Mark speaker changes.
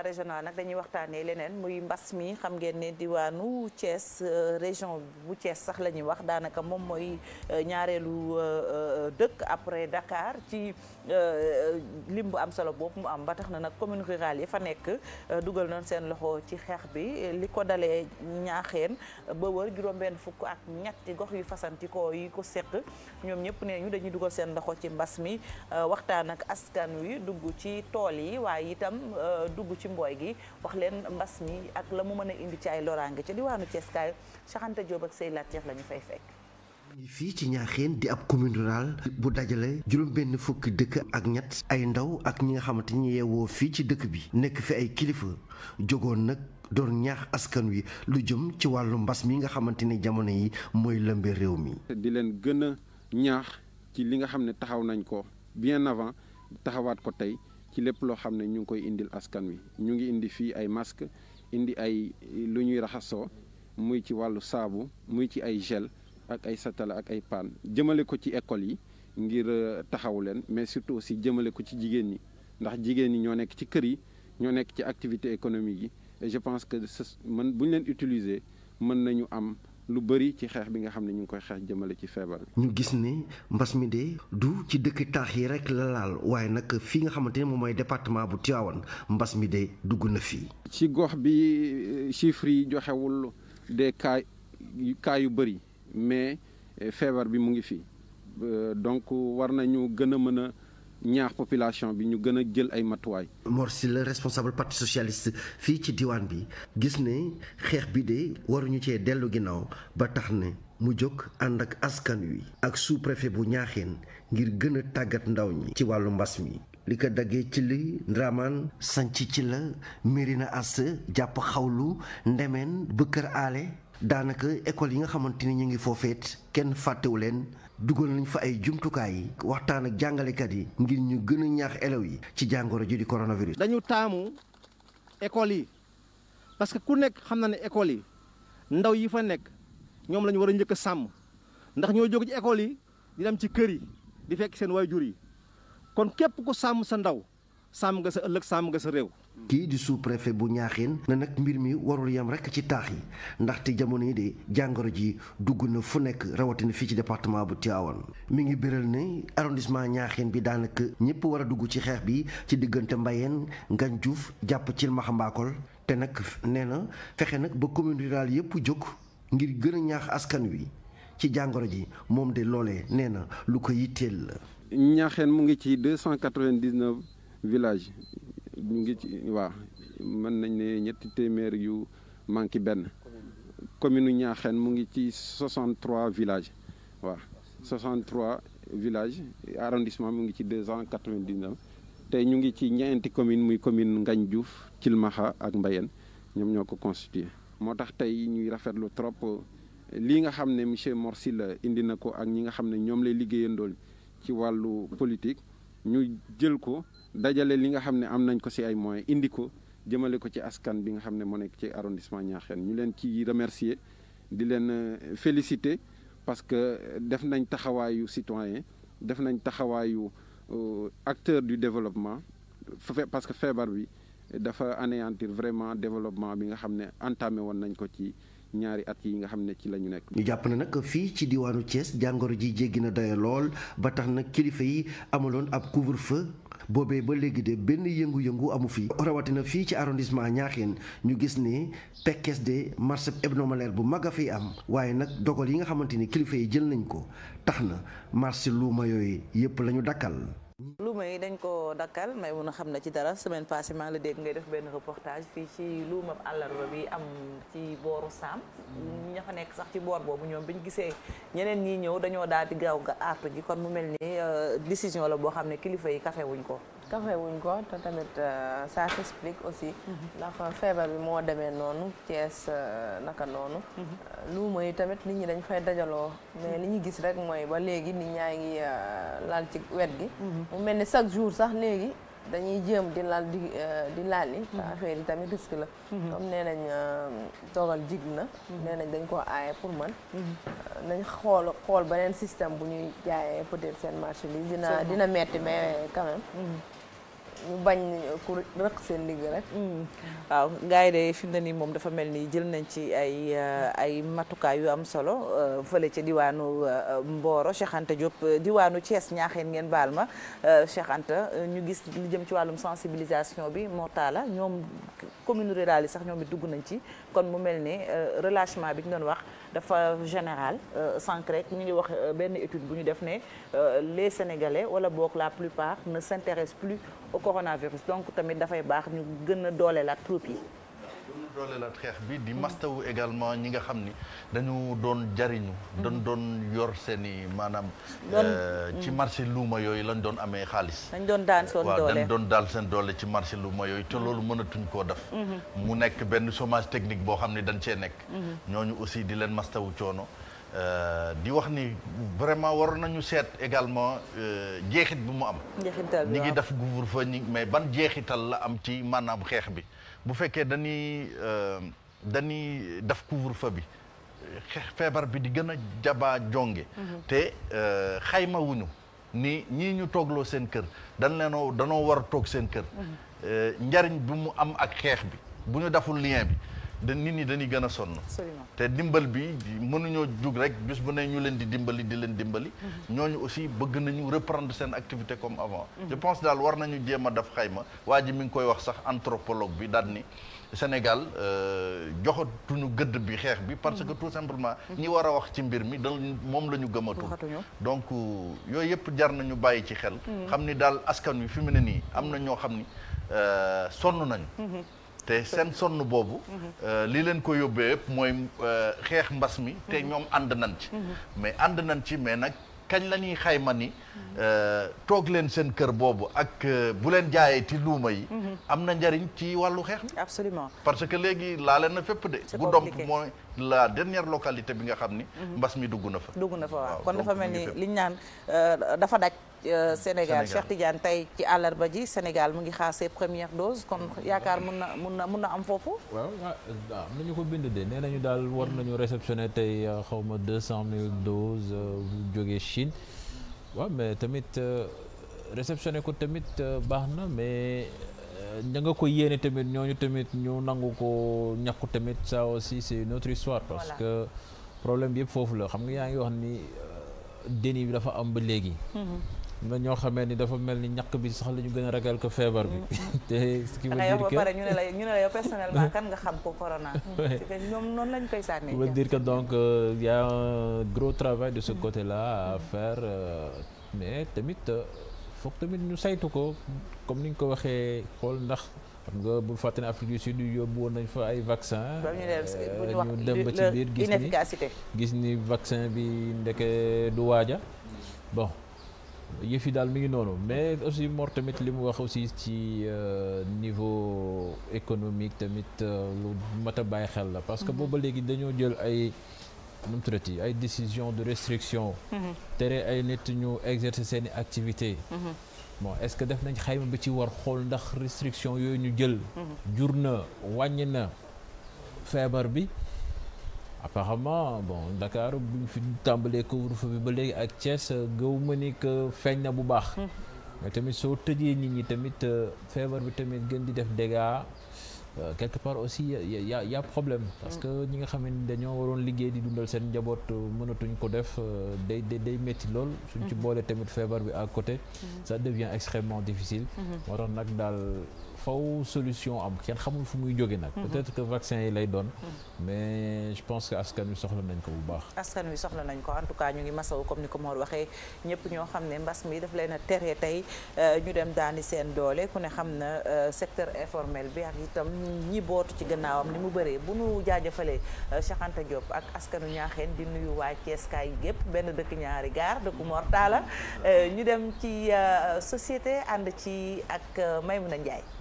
Speaker 1: débat régional nag dañuy waxtaanee leneen muy mbas mi xam ngeen ne diwaanu Thiès euh, région bu Thiès sax la ñuy wax daanaka moom mooy euh, ñaareelu euh, dëkk après Dakar ci lim bu am solo boobu mu am ba tax na nag commune rurale yi fa nekk dugal nañ seen loxo ci xeex bi li ko dalee ñaaxeen ba wër juróom-benn fukk ak ñetti gox yu fasantikoo yi ko seq ñoom ñëpp nee ñu dañuy dugal seen loxo ci mbas mi waxtaan ak askan wi dugg ci tool yi waaye itam dugg ci mbooy gi wax leen mbas mi ak la mu mën indi ci ay loraange ca diwaanu Thiès kaay Cheikh Anta ak Sey Latif la ñu fay fekk.
Speaker 2: ngi fii ci ñaaxeen di ab commune rurale bu dajale juróom benn fukki dëkk ak ñett ay ndaw ak ñi nga xamante ñi yeewoo fii ci dëkk bi nekk fi ay kilifa jógoon nag doon ñaax askan wi lu jëm ci wàllu mbas mi nga xamante ni jamono yi mooy lëmbe réew mi
Speaker 3: di leen gën ñaax ci li nga xam ne taxaw nañ ko bien avant taxawaat ko tey lépp loo xam ne ñu ngi koy indil askan wi ñu ngi indi fii ay masque indi ay lu ñuy raxasoo muy ci wàllu saabu muy ci ay gel ak ay satala ak ay paan jëmale ko ci école yi ngir euh, taxawu leen mais surtout si jëmale ko ci jigéen ñi ndax jigéen ñi ñoo nekk ci kër yi ñoo nekk ci activité économique yi je pense que mën bu ñu leen utiliser mën nañu am lu bëri ci xeex bi nga xam ne ñu ngi koy xeex jëmale ci feebar bi.
Speaker 2: ñu gis ne mbas mi de du ci dëkk taax yi rek la laal waaye nag fii nga xamante ne moom mooy département bu Tivaouane mbas mi de dugg na fii.
Speaker 3: ci gox bi euh, chiffres yi joxewul de cas cas yu bëri mais euh, feebar bi mu ngi fii euh, donc war nañu gën a mën a. ñaax population bi ñu gën a jël ay matuwaay.
Speaker 2: Mor Sylla responsable parti socialiste fii ci diwaan bi gis ne xeex bi de waruñu cee dellu ginnaaw ba tax ne mu jóg ànd ak askan wi ak sous-préfet bu ñaaxeen ngir gën a tàggat ndaw ñi ci wàllu mbas mi. li ko daggee ci li Ndramane sanc ci la Mérina Asse jàpp xawlu Ndemeen Bëkkër ale daanaka école yi nga xamante ni ñu ngi foofeet kenn fàttewu leen dugal nañ fa ay jumtukaay yi waxtaan ak jàngalekat yi ngir ñu gën a ñaax élèves yi ci jàngoro ji di coronavirus. dañu taamu école yi parce que ku nekk xam na ne école yi ndaw yi fa nekk ñoom lañu ñu war a njëkk a sàmm ndax ñoo jóg ci école yi di dem ci kër yi di fekk seen jur yi kon képp ko sàmm sa ndaw sàmm nga sa ëllëg sàmm nga sa réew. kii di sous préfet bu ñaaxin na nag mbir mi warul yam rek ci taax yi ndaxte jamono yi de jàngoro ji dugg na fu nekk rawatina fii ci département bu Tivaouane mi ngi béral ne arrondissement ñaaxin bi daanaka ñëpp war a dugg ci xeex bi ci diggante Mbayeen Ngandiouf jàpp ci Maxambaakol te nag nee na fexe nag ba commune rurale yëpp jóg ngir gën a ñaax askan wi ci jàngoro ji moom de loole nee na lu ko yitteel la.
Speaker 3: ñaaxeen mu ngi ci deux cent quatre vingt mu ngi ci waa mën nañ ne ñetti téeméer yu manqué benn commune Niakhène mu ngi ci 63 villages waaw 63 village arrondissement mu ngi ci 299 tey ñu ngi ci ñeenti commune muy commune Ngagne Diouf Thilmakha ak Mbayeen ñoom ñoo ko constitué moo tax tey ñuy rafetlu trop lii nga xam ne monsieur Mor Sylla indi na ko ak ñi nga xam ne ñoom lay liggéeyandool ci wàllu politique ñu jël ko dajale li nga xam ne am nañ ko si ay moyen indi ko jëmale ko ci askan bi nga xam ne moo nekk ci arrondissement Niakhène ñu leen ci remercier di leen euh, féliciter parce que def nañ taxawaayu citoyen def nañ taxawaayu euh, acteur du développement parce que feebar bi dafa anéantir vraiment développement bi nga xam ne entamé woon nañ ko ci ñaari at yi nga xam ne ci la ñu nekk.
Speaker 2: ñu jàpp na nag fii ci diwaanu Thiès jàngoro ji jéggi na daya lool ba tax nag kilifa yi amaloon ab couvre boobee ba léegi de benn yëngu-yëngu amu fi rawatina fii ci arrondissement Niakhène ñu gis ni tekkes de marché hebdomadaire bu mag a fi am waaye nag dogal yi nga xamante ni kilifa yi jël nañ ko tax na marché luuma yooyu yëpp la ñu dakkal
Speaker 1: luuma yi dañ ko dakkal may mun a xam na ci dara semaine passée ma ngi la dégg ngay def benn reportage fii ci luuma àllarba bi am ci booru Saam. Mm. ña fa nekk sax ci boor boobu ñoom bi ñu gisee ñeneen ñi ñëw dañoo daal di gaaw ga artu ji kon mu mel ni euh, décision la boo xam ne kilifa yi kafe wuñ ko. kafe wuñ ko te tamit euh, ça s'explique aussi. Mm-hmm. ndax feebar bi moo demee noonu Thiès euh, naka noonu. Mm-hmm. luuma yi tamit nit ñi dañ fay dajaloo. mais mm-hmm. li ñu gis rek mooy ba léegi nit ñaa ngi laal ci wet gi. chaque jour sax léegi dañuy jéem di lal di euh, di laal yi mhm. affaire yi tamit risque la mhm. comme nee nañ dogal euh, jig na mhm. nee dañ ko aaye pour man euh, nañ xool xool beneen système bu ñuy jaayee peut seen marché bi dina dina metti mais quand ñu bañ ku rëq seen ndigg rek. Mm. waaw gars de fi mu ne nii moom dafa mel ni jël nañ ci ay euh, ay matukaay yu am solo euh, fële ci diwaanu euh, Mboro Cheikh Anta Diop diwaanu Thiès ñaaxeen ngeen baal ma Cheikh ñu gis li jëm ci wàllum sensibilisation bi Mortala ñoom commune rurale yi sax ñoom it dugg nañ ci kon mu mel ne relâchement bi ñu doon wax dafa général sànq rek ñu ngi wax benn étude bu ñu def ne les Sénégalais wala boog la plupart ne s'intéressent plus coronavirus donc tamit dafay baax ñu gën a dooleelaat troupe yi.
Speaker 4: ñu dooleelaat xeex bi di mastawu également ñi nga xam ni dañu doon jariñu dan mm-hmm. doon yor seen i maanaam euh, ci mm. marché luuma yooyu lañ doon amee xaalis dañ
Speaker 1: doon daan seen
Speaker 4: doon daal seen doole ci marché luuma yooyu te mm-hmm. loolu mënatuñ koo def mm-hmm. mu nekk benn chômage technique boo xam ne dañ cee nekk ñooñu aussi di leen mastawu coono Euh, di wax ni vraiment waroon nañu seet également euh, jeexit bi mu am. ñi ngi def couvre-feu ñi mais ban jeexital la am ci maanaam xeex bi bu fekkee dañuy euh, dañuy def couvre bi xeex feebar bi di gën a jabaa jonge mhm. te xayma wuñu ni ñii ñu toogloo seen kër dañ leenoo danoo war a toog seen kër. Mhm. njariñ bi mu am ak xeex bi bu ñu daful lien bi. da nit ñi dañuy gën a sonn te dimbal bi mënuñoo jug rek bis bu ne ñu leen di dimbali di leen dimbali mm-hmm. ñooñu aussi bëgg nañu reprendre seen activité comme avant mm-hmm. je pense daal war nañu jéem a xayma waa ji mi ngi koy wax sax anthropologue bi daal ni Sénégal euh, joxatuñu gëdd bi xeex bi parce que mm-hmm. tout simplement ñi war a wax ci mbir mi dal moom la ñu gëmatul donc euh, yooyu yëpp jar nañu bàyyi ci xel xam ni daal askan wi fi mu ne nii am na ñoo xam ni euh, sonn nañ te seen sonn boobu. Euh, li leen ko yóbbee yëpp mooy euh, xeex mbas mi. te mhm. ñoom ànd nañ ci. Mhm. mais ànd nañ ci mais nag kañ la ñuy xayma ni. Mhm. Euh, toog leen seen kër boobu ak bu leen jaayee ci luuma yi. am na njariñ ci wàllu xeex. absolument parce que léegi laale na fépp de. bu domp mooy. la dernière localité bi nga xam ni. Mhm. mbas mi dugg na fa. dugg na fa waaw
Speaker 1: kon dafa mel ni liñ naan euh, dafa daj. Euh, Sénégal Cheikh Tidiane tey ci àllarba ji Sénégal mu ngi xaar se premières doses kon mhm. yaakaar mun na mun na mun na am foofu.
Speaker 5: waaw waaw am nañu ko bind de nee nañu daal war mhm. nañu réceptionné tey euh, xaw ma deux cent mille doses jógee Chine waaw mais tamit réceptionné ko tamit baax na mais. ña nga ko yéene tamit ñooñu tamit ñu nangu ko ñàkku tamit ça aussi c'est une autre histoire parce que problème bi yëpp foofu la xam nga yaa ngi wax ni euh, déni bi dafa am ba léegi mhm. na ñoo xamee ni dafa mel ni ñàkk bi sax la ñu gën a ragal ko feebar bi mhm. te ce qui veut dire que pare ñu ne la ñu ne la yow personnellement
Speaker 1: kan nga xam ko
Speaker 5: donc euh, y a gros travail de ce mhm. côté là à euh, mais tamit foog tamit ñu saytu ko comme ni ñu ko waxee xool ndax xam nga bu fàttali Afrique du Sud yóbbu woon nañ fa ay vaccin euh, ñu dem ba ci biir gis ni gis ni vaccin bi ndeke du waaja bon yëf yi daal mi ngi noonu mais aussi Mor tamit li mu wax aussi ci euh, niveau économique tamit euh, lu mat a bàyyi xel la parce que mhm. booba léegi dañoo jël ay nu mu ay décision de restriction mhm. tere ay nit ñu exercer seeni activité mhm. bon est-ce que def nañ xayma bi ci war xool ndax restriction yooyu ñu jël mhm. jur na wàññi na feebar bi apparemment bon ndakaaru buñ fi tàmbalee couvre bi ba léegi ak Thiès gëw ma ni feeñ na bu baax mais tamit soo tëjee nit ñi tamit euh, feebar bi tamit gën di def dégâts Euh, quelque part aussi y a y problème parce que ñi nga xam ne dañoo waroon liggéey di dundal seen njaboot euh, mënatuñ ko def euh, day day métti lool suñ ci mhm. boole tamit feebar bi à côté mhm. ça devient extrêmement difficile mhm. moo tax nag daal faw solution am kenn xamul fu muy jóge nag. Mhm. peut que vaccin yi lay doon. Mhm. mais je pense que askan wi soxla nañ ko bu
Speaker 1: askan wi soxla nañ ko en tout cas ñu ngi masawu comme ni ko Mor waxee ñëpp ñoo xam ne mbas mi daf leen a tere tey euh, ñu dem daani seen doole ku ne xam na euh, secteur informel bi ak itam ñi bootu ci gannaawam ni mu bëree bu nu jaajëfalee euh, Cheikh Anta Diop ak askanu ñaaxeen di nuyu waa Thiès kaay gépp benn dëkk ñaari gaar dëkku Mor Talla ñu dem ci société ànd ci ak Maymouna Ndiaye.